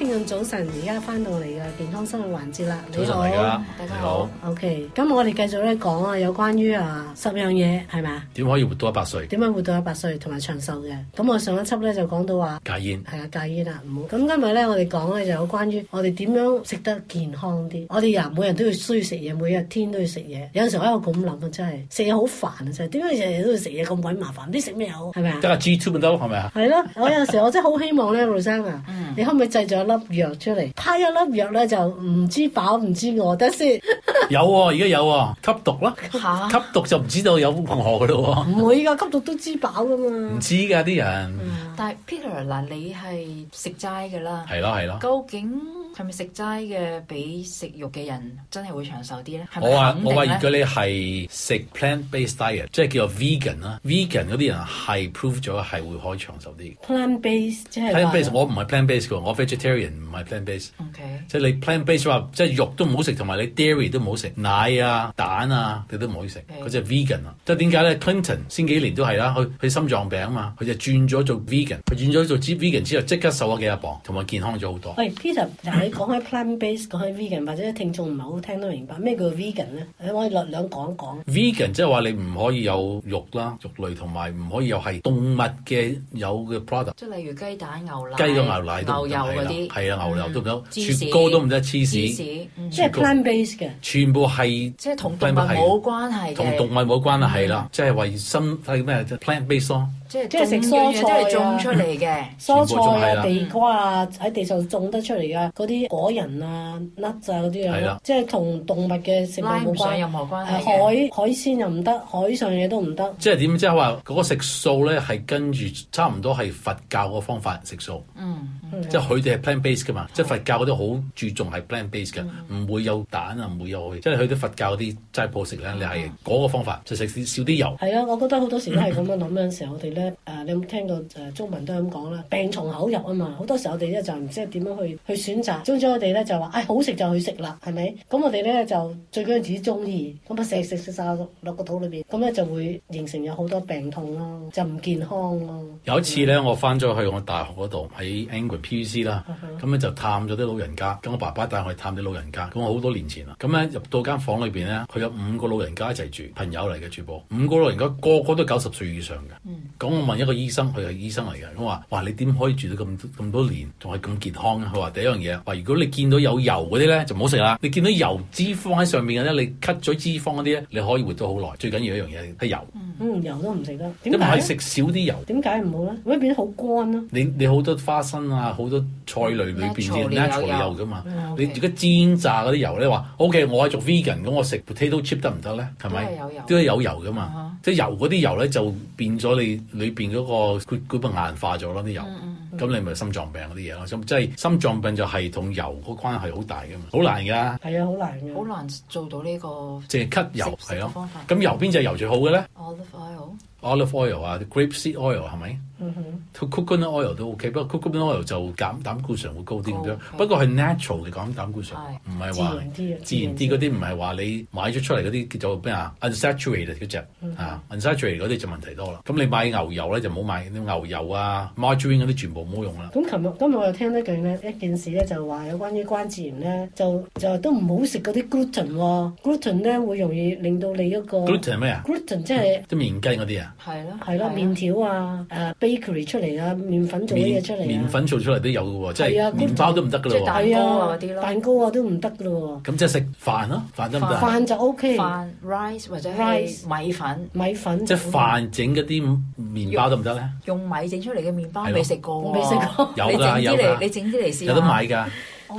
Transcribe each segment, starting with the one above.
聽眾早晨，而家翻到嚟嘅健康生活環節啦。你好，早晨，大家好。O K，咁我哋繼續咧講啊，有關於啊十樣嘢係咪啊？點可以活到一百歲？點樣活到一百歲同埋長壽嘅？咁我上一輯咧就講到話、啊、戒煙，係啊戒煙啦、啊，唔好。咁今日咧我哋講咧就有關於我哋點樣食得健康啲。我哋人每日都要需食嘢，每日天都要食嘢。有陣時我喺度咁諗啊，真係食嘢好煩啊，真係點解日日都要食嘢咁鬼麻煩？啲食咩好？係咪啊？得啊，G two 唔得咯，係咪啊？係咯，我有陣時我真係好希望咧， 路生啊，你可唔可以製造？一粒藥出嚟，派一粒藥咧就唔知飽唔知餓，得先。 有喎、啊，而家有喎、啊，吸毒啦。吓、啊！吸毒就唔知道有冇同學噶咯喎。唔會噶、啊，吸毒都知飽噶嘛。唔知噶啲、啊、人。嗯、但係 Peter 嗱，你係食齋噶啦。係咯係咯。究竟？係咪食齋嘅比食肉嘅人真係會長壽啲咧？我話我話，如果你係食 plant-based diet，即係叫做 vegan 啦，vegan 嗰啲人係 prove 咗係會可以長壽啲。plant-based 即係 plant-based，我唔係 plant-based 嘅，我 vegetarian 唔係 plant-based。OK，即係你 plant-based 話，即係肉都唔好食，同埋你 dairy 都唔好食，奶啊、蛋啊，你都唔好食。佢就 vegan 啦。即係點解咧？Clinton 先幾年都係啦，佢佢心臟病啊嘛，佢就轉咗做 vegan，佢轉咗做只 vegan 之後，即刻瘦咗幾啊磅，同埋健康咗好多。喂，Peter。你講開 plant based，講開 vegan，或者啲聽眾唔係好聽得明白咩叫 vegan 咧？我哋略兩講一講。vegan 即係話你唔可以有肉啦、肉類同埋唔可以有係動物嘅有嘅 product。即係例如雞蛋、牛奶、牛油嗰啲。係啊，牛油都唔得，雪糕都唔得，芝士。芝士即係 plant based 嘅。全部係即係同動物冇關係。同動物冇關係係啦，即係維生係咩？plant based 咯。即係即係食蔬菜即係種出嚟嘅，蔬菜啊、地瓜啊喺地上種得出嚟㗎啲果仁啊、粒仔嗰啲啊，即係同動物嘅食物冇關。海海鮮又唔得，海上嘢都唔得。即係點即係話嗰個食素咧，係跟住差唔多係佛教個方法食素。嗯、即係佢哋係 plant base 噶嘛，的即係佛教嗰啲好注重係 plant base 嘅，唔、嗯、會有蛋啊，唔會有、啊，即係佢啲佛教嗰啲齋破食咧，嗯、你係嗰個方法就食少啲油。係啊，我覺得好多時都係咁樣諗嘅 時候，我哋咧你有冇聽過中文都係咁講啦？病從口入啊嘛，好多時候我哋咧就唔知點樣去去選擇。將咗我哋咧就話，唉、哎，好食就去食啦，係咪？咁我哋咧就最緊要自己中意，咁啊食食食晒落個肚裏面，咁咧就會形成有好多病痛咯，就唔健康咯。有一次咧，嗯、我翻咗去我大學嗰度喺 Angwin PUC 啦，咁咧、嗯、哼就探咗啲老人家，咁我爸爸帶我去探啲老人家，咁我好多年前啦，咁咧入到間房裏面咧，佢有五個老人家一齊住，朋友嚟嘅住屋，五個老人家個個都九十歲以上嘅。咁、嗯、我問一個醫生，佢係醫生嚟嘅，我話：哇，你點可以住到咁咁多，多年，仲係咁健康？佢話：第一樣嘢。如果你見到有油嗰啲咧，就唔好食啦。你見到油脂放喺上面嘅咧，你 cut 咗脂肪嗰啲咧，你可以活到好耐。最緊要一樣嘢係油。嗯，油都唔食得。點解？唔係食少啲油。點解唔好咧？會,會變得好乾咯、啊。你你好多花生啊，好多菜類裏邊先咧，有油噶嘛。嗯 okay、你如果煎炸嗰啲油咧，話 O.K. 我係做 vegan，咁我食 potato chip 得唔得咧？係咪？都有油。都係有油噶嘛。即係、uh huh、油嗰啲油咧，就變咗你裏邊嗰個佢佢咪硬化咗咯啲油。嗯嗯咁你咪心臟病嗰啲嘢咯，咁即係心臟病就係同油個關係好大嘅嘛，好難㗎。係啊，好難好難做到呢個即係咳油係咯。咁油邊隻油最好嘅咧？Olive oil、Olive oil 啊，grape seed oil 係咪？To coconut oil 都 OK，不過 coconut oil 就減膽固醇會高啲咁樣，不過係 natural 嘅減膽固醇，唔係話自然啲嗰啲，唔係話你買咗出嚟嗰啲叫做咩啊？Unsaturated 嗰隻啊 unsaturated 嗰啲就問題多啦。咁你買牛油咧就唔好買啲牛油啊、margarine 嗰啲全部。冇用啦。咁琴日今日我又聽得見咧，一件事咧就話有關於關節炎咧，就就都唔好食嗰啲 gluten 喎。gluten 咧會容易令到你嗰個 gluten 係咩啊？gluten 即係啲麵筋嗰啲啊。係咯係咯，麵條啊，誒 bakery 出嚟啊，麵粉做啲嘢出嚟啊。麵粉做出嚟都有嘅喎，即係麵包都唔得嘅喎。係啊，蛋糕啊都唔得嘅喎。咁即係食飯咯，飯得唔得？飯就 OK。飯 rice 或者係米粉。米粉即係飯整嗰啲麵包得唔得咧？用米整出嚟嘅麵包我未食過。未食過，你整啲嚟，的你整啲嚟試下，有得買㗎。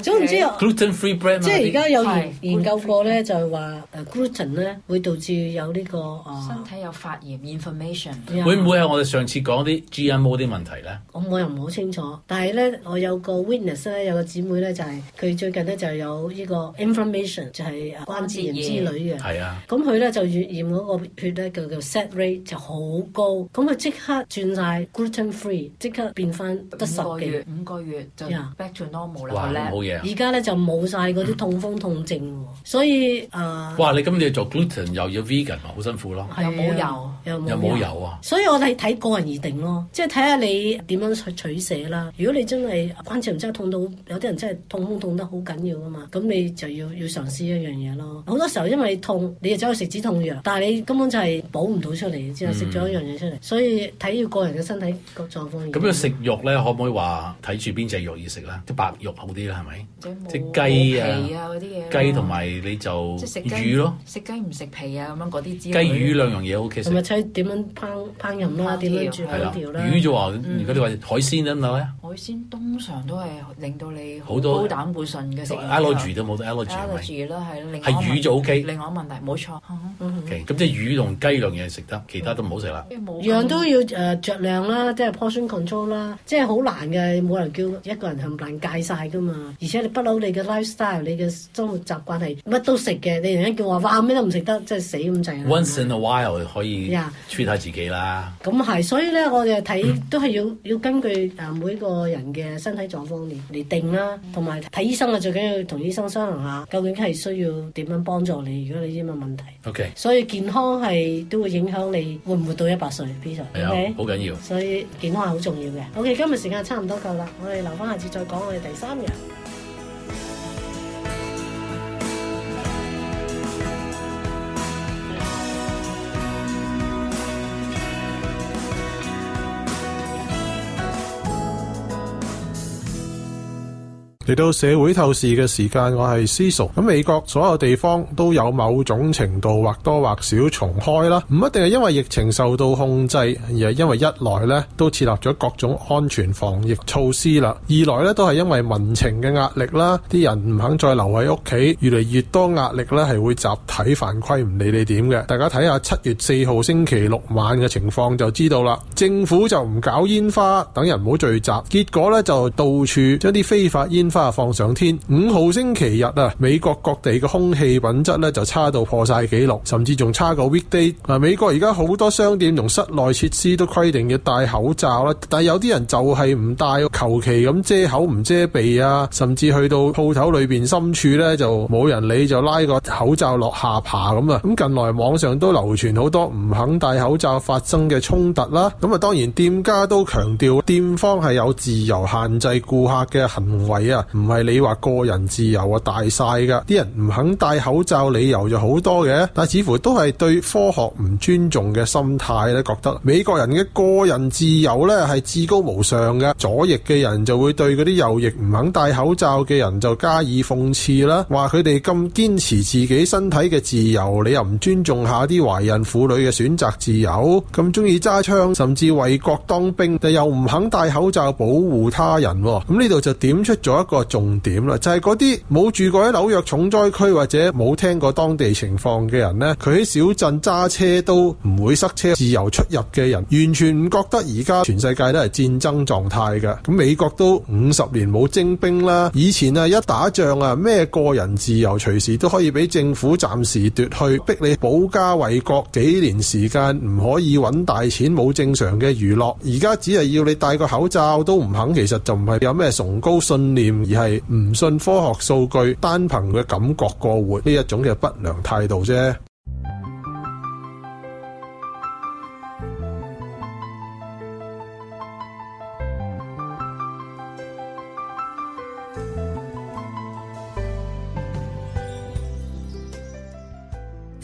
總言之，free 即係而家有研，是研究過咧，嗯、就係話、uh, gluten 咧會導致有呢、這個、uh, 身體有發炎 i n f o r m a t i o n 會唔會係我哋上次講啲 GMO 啲問題咧？咁我，我又唔好清楚。但係咧，我有個 Witness 咧，有個姊妹咧，就係、是、佢最近咧就有呢個 i n f o r m a t i o n 就係關節炎之類嘅。係啊。咁佢咧就驗嗰個血咧叫叫 s e t rate 就好高。咁佢即刻轉晒 gluten free，即刻變翻得十幾五個月，五個月就 back to normal 啦。Yeah. 哇而家咧就冇曬嗰啲痛風痛症喎，嗯、所以誒。呃、哇！你今日做 gluten 又要 vegan，咪好辛苦咯。的有冇油，有冇油啊！有油所以我係睇個人而定咯，即係睇下你點樣取捨啦。如果你真係關節唔真係痛到，有啲人真係痛風痛得好緊要啊嘛，咁你就要要嘗試一樣嘢咯。好多時候因為痛，你就走去食止痛藥，但係你根本就係補唔到出嚟，之後食咗一樣嘢出嚟，嗯、所以睇要個人嘅身體個狀況。咁、嗯、樣食肉咧，可唔可以話睇住邊隻肉而食啦？啲白肉好啲啦，係咪？即雞啊，雞同埋你就食魚咯，食雞唔食皮啊，咁樣嗰啲之類。雞魚兩樣嘢 O K，同埋睇點樣烹烹飪啦，點樣煮係啦。魚魚就話，如果你話海鮮咁樣咧，海鮮通常都係令到你高膽固醇嘅食物。都冇得 e g 魚魚就 O K。另外問題，冇錯。咁即係魚同雞兩樣食得，其他都唔好食啦。樣都要誒著量啦，即係 portion control 啦，即係好難嘅，冇人叫一個人唔難戒晒㗎嘛。而且你不嬲你嘅 lifestyle，你嘅生活習慣係乜都食嘅，你人家叫我哇咩都唔食得，即係死咁滯。Once in a while 可以，呀，treat 下自己啦。咁係、嗯，所以咧我哋睇都係要要根據誒每個人嘅身體狀況嚟嚟定啦，同埋睇醫生啊，最緊要同醫生商量下，究竟係需要點樣幫助你。如果你知乜問題，OK，所以健康係都會影響你活唔活到一百歲，Peter 係咪？好緊要，okay? 嗯、所以健康係好重要嘅。OK，今日時間差唔多夠啦，我哋留翻下一次再講我哋第三樣。嚟到社會透視嘅時間，我係思熟。咁美國所有地方都有某種程度或多或少重開啦，唔一定係因為疫情受到控制，而係因為一來呢都設立咗各種安全防疫措施啦，二來呢都係因為民情嘅壓力啦，啲人唔肯再留喺屋企，越嚟越多壓力呢係會集體犯規，唔理你點嘅。大家睇下七月四號星期六晚嘅情況就知道啦。政府就唔搞煙花，等人唔好聚集，結果呢就到處將啲非法煙放上天，五號星期日啊，美國各地嘅空氣品質咧就差到破晒紀錄，甚至仲差過 weekday。美國而家好多商店同室內設施都規定要戴口罩啦，但係有啲人就係唔戴，求其咁遮口唔遮鼻啊，甚至去到鋪頭裏邊深處呢，就冇人理，就拉個口罩落下巴咁啊。咁近來網上都流傳好多唔肯戴口罩發生嘅衝突啦。咁啊，當然店家都強調店方係有自由限制顧客嘅行為啊。唔係你話個人自由啊大晒噶啲人唔肯戴口罩，理由就好多嘅。但似乎都係對科學唔尊重嘅心態咧，覺得美國人嘅個人自由咧係至高無上嘅。左翼嘅人就會對嗰啲右翼唔肯戴口罩嘅人就加以諷刺啦，話佢哋咁堅持自己身體嘅自由，你又唔尊重下啲懷孕婦女嘅選擇自由？咁中意揸槍，甚至為國當兵，但又唔肯戴口罩保護他人。咁呢度就點出咗一個重點啦，就係嗰啲冇住過喺紐約重災區或者冇聽過當地情況嘅人呢，佢喺小鎮揸車都唔會塞車，自由出入嘅人完全唔覺得而家全世界都係戰爭狀態嘅。咁美國都五十年冇徵兵啦，以前啊一打仗啊咩個人自由隨時都可以俾政府暫時奪去，逼你保家衛國幾年時間唔可以搵大錢，冇正常嘅娛樂。而家只係要你戴個口罩都唔肯，其實就唔係有咩崇高信念，而係唔信科學數據，單憑佢感覺過活呢一種嘅不良態度啫。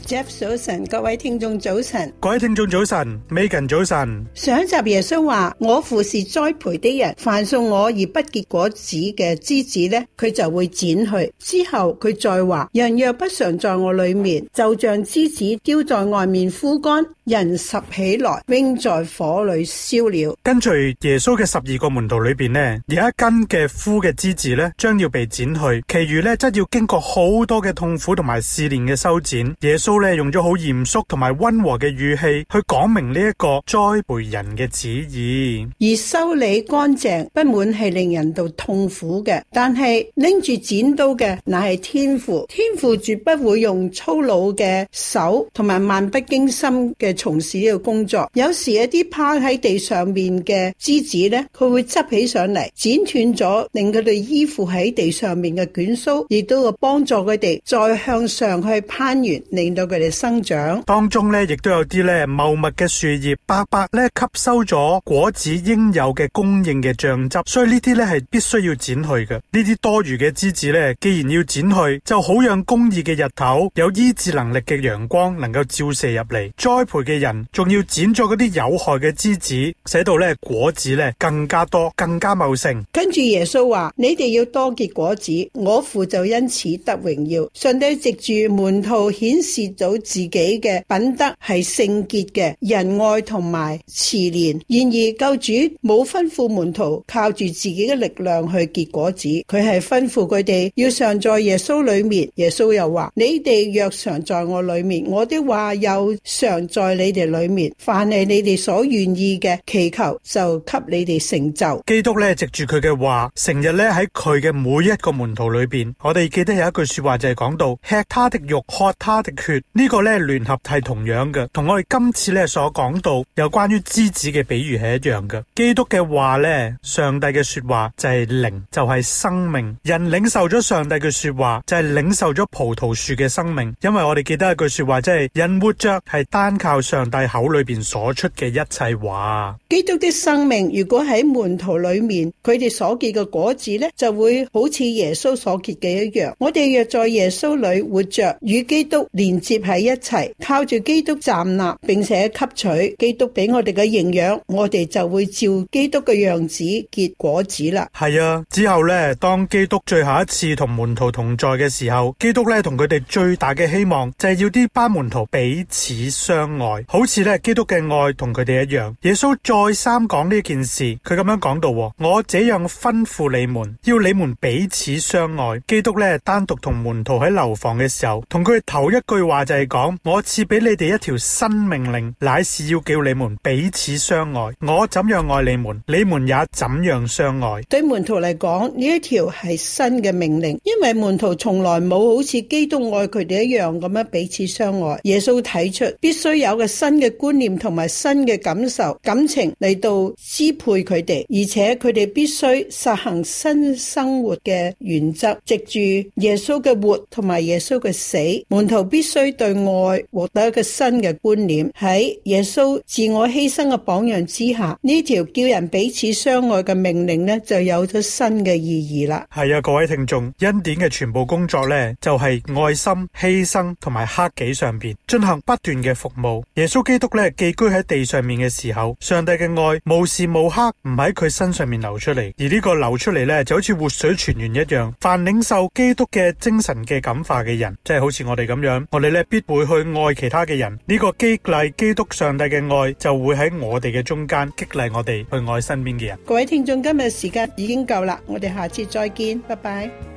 Jeff 早晨，各位聽眾早晨，各位聽眾早晨，Megan 早晨。上集耶穌話：我父是栽培的人，凡送我而不結果子嘅枝子呢，佢就會剪去。之後佢再話：人若不常在我裏面，就像枝子丟在外面枯乾，人拾起來，扔在火裏燒了。跟隨耶穌嘅十二個門徒裏邊呢，有一根嘅枯嘅枝子呢，將要被剪去，其餘呢，則要經過好多嘅痛苦同埋試煉嘅修剪。耶穌。用咗好嚴肅同埋温和嘅語氣去講明呢一個栽培人嘅旨意，而修理乾淨不滿係令人到痛苦嘅。但係拎住剪刀嘅乃係天父，天父絕不會用粗魯嘅手同埋漫不經心嘅從事呢個工作。有時一啲趴喺地上面嘅枝子呢，佢會執起上嚟剪斷咗，令佢哋依附喺地上面嘅卷鬚，亦都會幫助佢哋再向上去攀援，令到。佢哋生長當中咧，亦都有啲咧茂密嘅樹葉，白白咧吸收咗果子應有嘅供應嘅醬汁，所以呢啲咧係必須要剪去嘅。呢啲多餘嘅枝子咧，既然要剪去，就好讓公義嘅日頭、有醫治能力嘅陽光能夠照射入嚟。栽培嘅人仲要剪咗嗰啲有害嘅枝子，使到咧果子咧更加多、更加茂盛。跟住耶穌話：你哋要多結果子，我父就因此得榮耀。上帝藉住門徒，顯示。早自己嘅品德係聖潔嘅仁愛同埋慈憐，然而救主冇吩咐門徒靠住自己嘅力量去結果子，佢係吩咐佢哋要常在耶穌裏面。耶穌又話：你哋若常在我裏面，我的話又常在你哋裏面，凡係你哋所願意嘅祈求，就給你哋成就。基督咧，藉住佢嘅話，成日咧喺佢嘅每一個門徒裏邊，我哋記得有一句說話就係講到：吃他的肉，喝他的血。個呢個咧聯合係同樣嘅，同我哋今次咧所講到，有關於枝子嘅比喻係一樣嘅。基督嘅話咧，上帝嘅說話就係靈，就係、是、生命。人領受咗上帝嘅說話，就係、是、領受咗葡萄樹嘅生命。因為我哋記得一句說話、就是，即係人活着係單靠上帝口裏邊所出嘅一切話。基督的生命如果喺門徒裏面，佢哋所結嘅果子咧，就會好似耶穌所結嘅一樣。我哋若在耶穌裏活着，與基督連接。喺一齊靠住基督站立，並且吸取基督俾我哋嘅營養，我哋就會照基督嘅樣子結果子啦。係啊，之後咧，當基督最後一次同門徒同在嘅時候，基督咧同佢哋最大嘅希望就係要啲班門徒彼此相愛，好似咧基督嘅愛同佢哋一樣。耶穌再三講呢件事，佢咁樣講到：我這樣吩咐你們，要你們彼此相愛。基督咧單獨同門徒喺樓房嘅時候，同佢哋頭一句話。就係講我賜俾你哋一條新命令，乃是要叫你們彼此相愛。我怎樣愛你們，你們也怎樣相愛。對門徒嚟講呢一條係新嘅命令，因為門徒從來冇好似基督愛佢哋一樣咁樣彼此相愛。耶穌睇出必須有個新嘅觀念同埋新嘅感受、感情嚟到支配佢哋，而且佢哋必須實行新生活嘅原則，藉住耶穌嘅活同埋耶穌嘅死，門徒必須。對愛獲得一個新嘅觀念，喺耶穌自我犧牲嘅榜樣之下，呢條叫人彼此相愛嘅命令呢，就有咗新嘅意義啦。係啊，各位聽眾，恩典嘅全部工作呢，就係愛心、犧牲同埋克己上邊進行不斷嘅服務。耶穌基督呢寄居喺地上面嘅時候，上帝嘅愛無時無刻唔喺佢身上面流出嚟，而呢個流出嚟呢就好似活水泉源一樣。凡領受基督嘅精神嘅感化嘅人，即係好似我哋咁樣，我哋咧。必會去愛其他嘅人，呢個激勵基督上帝嘅愛就會喺我哋嘅中間激勵我哋去愛身邊嘅人。各位聽眾，今日時間已經夠啦，我哋下次再見，拜拜。